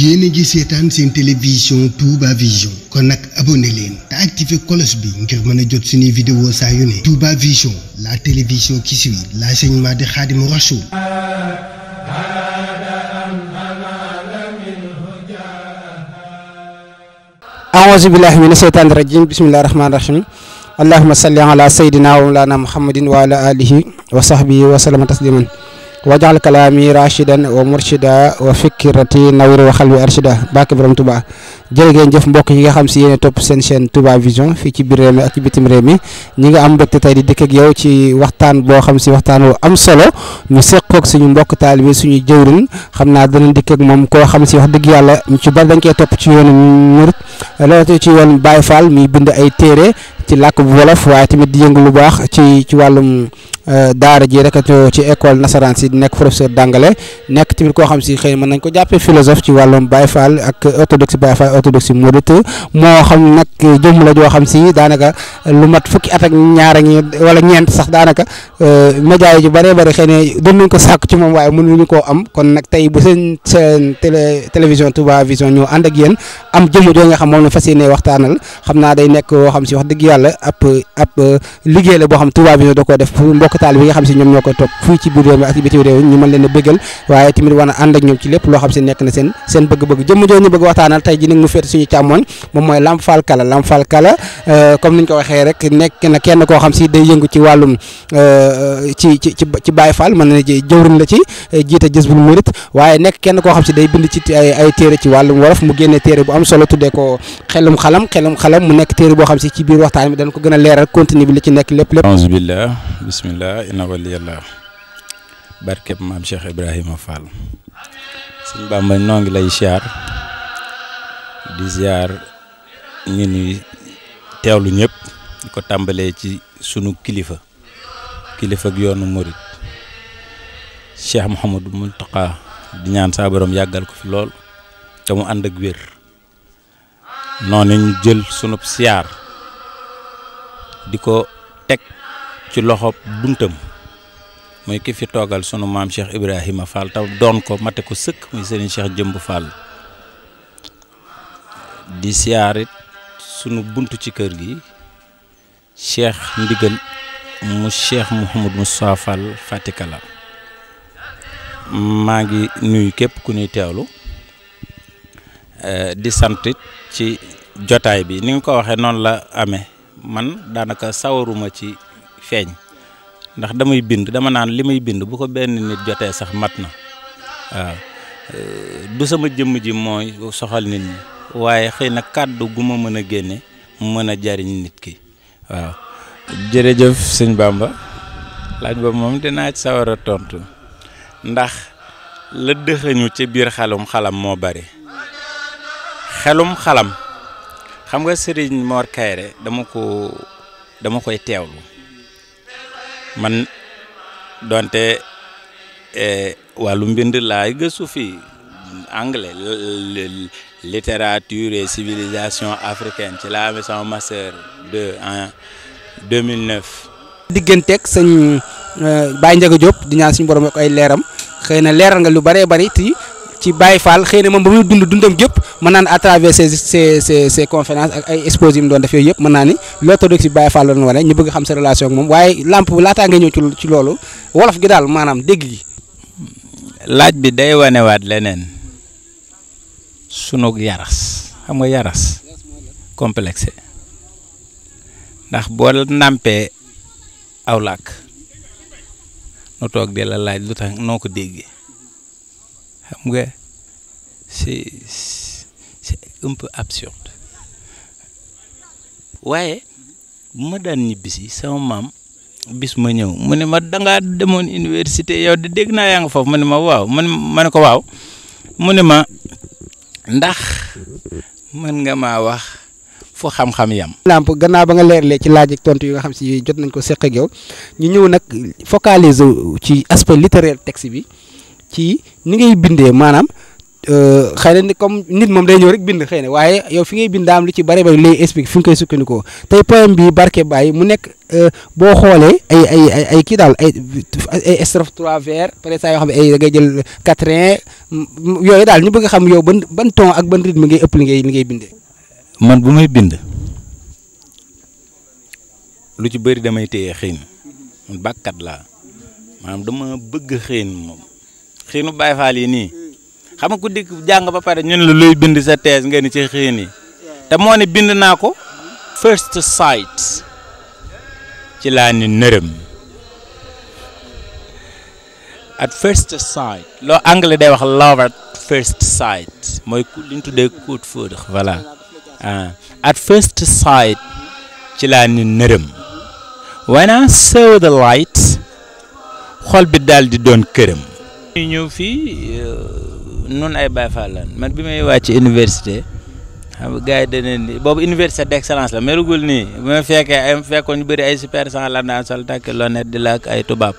yéen a ngi seetaan seen télévision Touba Vision kon nag abonné leen te activé cloche bi ngir mën a jot suñuy vidéo saa yu ne Touba Vision la télévision qui suit l'enseignement de Khadimou Rassoul aouzu billahi mina seytaani rajim bismillahi rahmaani rahim allahuma salli ala sayyidina wa mawlana muhammadin wa ala alihi wa waa wajaxal kalaami rachidan wa murshida wa fikirati nawir wa xalbi arshida bàkk borom Touba jërë ngeen jëf mbokk yi nga xam si yéen topp seen chaîne tubaa Vision fii ci biir réew mi ak ci bitim réew mi ñi ngi am mbégte tey di dikk yow ci waxtaan boo xam si waxtaan wu am solo ñu seqoog suñu mbokk taalibe suñu jëwrin xam naa danañ dikk ak moom koo xam si wax dëgg yàlla ci bari dañ koy topp ci yoonu murit loolu ci yoon Baye Fall muy bind ay téere ci làkk bu wolof waaye tamit di yëngu lu baax ci ci wàllum Euh, daara ji rek ci école nasaraan si nekk professeur d'anglais nekk tamit koo xam si xëy mën nañ ko jàppee philosophe ci wàllum Baye Fall ak orthodoxie Baye Fall moo xam nag si daanaka lu mat fukki at ak ñaara ñi wala sax daanaka euh, média yi ju bëree bëri xëy na doon nañ ko sàkk ci moom waaye mënuñu koo am kon nag tey bu seen seen télé télévision Touba Vision ñoo ànd ak am jëmm joo nga xam moom la fas yéenee waxtaanal xam naa day nekk woo xam si wax dëgg yàlla ab euh, liggéey la boo xam Touba Vision da def mbokk mbokk taal bi nga xam si ñoom ñoo koy topp fii ci biir réew mi ak bitim réew a bégal waaye tamit war na ànd ak ñoom ci lépp nekk na seen seen bëgg-bëgg jëmm jooju ñu bëgg waxtaanal tey ji nag mu féete euh, na ci wàllum euh, ci ci ci Baye Fall mën na jëwriñ la ci euh, kenn koo xam si day bind ci ay téere ci wàllum wolof mu génne téere bu am solo tuddee ko xelum xalam xelum xalam mu nekk téere boo xam si ci biir waxtaan bi dañ ko gën a leeral continue bi li ci nekk lépp lépp bisimilah inna waliyallah barkeb maam Cheikh Ibrahima Fall suñ Bàmba noo ngi lay siyaar di siyaar ñu ñuy teewlu ñëpp di ko tàmbalee ci sunu kilifa kilifa ak yoonu murit Cheikh Mouhamadou Mountakha di ñaan saa borom yàggal ko fi lool te mu ànd ak wér noonu ñu jël sunub siyaar di ko teg ci loxo buntam muy ki fi toogal sunu maam Cheikh Ibrahima Fall taw doon ko mate ko sëkk muy seeni Cheikh Jëmb Fall di siyaarit sunu bunt ci kër gi Cheikh Ndigal mu Cheikh Mouhamadou Moustapha Fall la maa ngi nuy képp ku ñuy teewlu eh, di sant ci jotaay bi ni nga ko waxee noonu la ame man daanaka sawaruma ci feeñ ndax damay bind dama naan li may bind bu ko benn nit jotee sax mat na waaw euh, du sama jëmm ji mooy soxal nit ñi waaye xëy na kàddu gu ma mën a génne mën a jariñ nit ki waaw jërëjëf sëñ Bamba laaj ba moom dinaa ci sawar a tontu ndax la dëxëñu ci biir xelum xalam moo bari xelum xalam xam nga sëriñ Mor Kayre dama ko dama koy teewlu man donte eh, wàllu mbind laay gëstu fii anglais littérature et civilisation africaine ci laa amee sama master 2 en 2009. digganteeg sëñ eh, Baye Ndiaga Diop di ñaan suñu borom ak ay leeram xëy na leeral nga lu bëree bëri ti ci bàyyi Fall xëy na moom ba muy dund dundam gépp mën naa ne à travers ces ces ces ces conférences ak ay expos doon def yooyu yëpp mën naa ni l'orthodoxie Baye Fall la doon wane ñu bëgg xam sa relation ak moom waaye lamp laataa nga ñëw loolu wolof gi daal maanaam dégg bi day wanewaat leneen sunug yaras xam nga yaras ndax boo nampee aw làkk nu toog di la laaj lu tax noo ko déggee. xam nga c'est un peu absurde waaye bu ma daan ñibbisi sama maam bis ma ñëw mu ne ma dangaa demoon université yow de dégg naa yaa nga foofu mu ne ma waaw man ma ne ko waaw mu ne ma ndax mën nga maa wax foo xam-xam yam lamp gannaaw ba nga leer leerlee ci laaj ak tontu yi nga xam si jot nañ ko seq ak yow ñu ñëw nag focaliser ci aspect littéraire texte bi ci ni ngay bindee maanaam euh, xëy na ni comme nit moom day ñëw rek bind xëy na waaye yow fi ngay bind daam lu ci bare bari lay explique fi nga koy sukkandikoo tey poème bi Barke Baye mu nekk euh, boo xoolee ay ay ay kii daal ay ay strophe trois vers peut-être saa yoo xam ne ay da ngay jël quatrain mm, yooyu daal ñu bëgg a xam yow ban ban ak ban rythme ngay ëpp li ngay li ngay bindee. man bu may bind lu ci bëri damay téye xiin man bàkkat laa maanaam dama bëgg xiin moom. xiinu Baay Faal yi nii hmm. xam nga ku dikk jàng ba pare ñun la luy bind sa thèse nga ni ci xiin yi te moo ne bind naa ko first sight ci laa ni nërëm at first sight day wax love at first sight mooy ku li ah, the light xol bi daal di doon këram ñu ñëw fii euh, nun ay Baye Fall lan man bi may wàcc université xam nga gars yi dañu di boobu université d' excellence la melugul nii bu ma fekkee ay fekkoon ñu bëri ay super sans la daan sol takk lonet di laak ay tubaab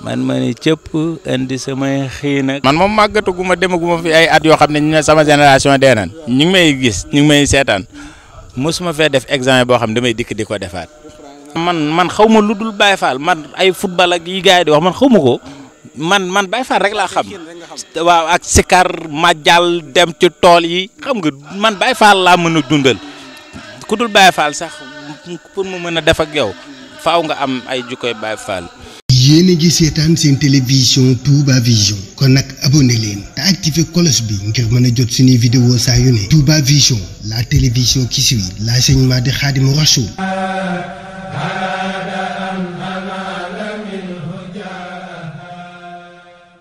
man ma ni cëpp indi samay xii nag man moom màggatu gu ma demaguma fi ay at yoo xam ne ñu ne sama génération dee nañ ñu may gis ñu may seetaan mosuma fee def examen boo xam ne damay dikk di ko defaat. man man xaw ma lu dul Baye Fall man ay football ak yi man man Baye Fall rek laa xam waaw ak sikar jàll dem ci tool yi xam nga man Baye Fall laa mën a dundal ku dul Baye Fall sax pour mu mën a defa ak faaw nga am ay jukkoy Baye Fall. yéen a ngi seetaan seen télévision Touba Vision kon nag abonné leen te activé cloche bi ngir mën a jot suñuy vidéo saa yu ne Touba Vision la télévision qui suit l'enseignement de Khadimou Rassoul